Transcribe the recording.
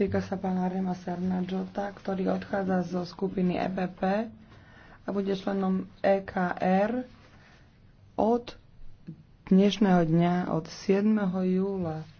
Týka sa pána Rema Sarnadžota, ktorý odchádza zo skupiny EPP a bude členom EKR od dnešného dňa, od 7. júla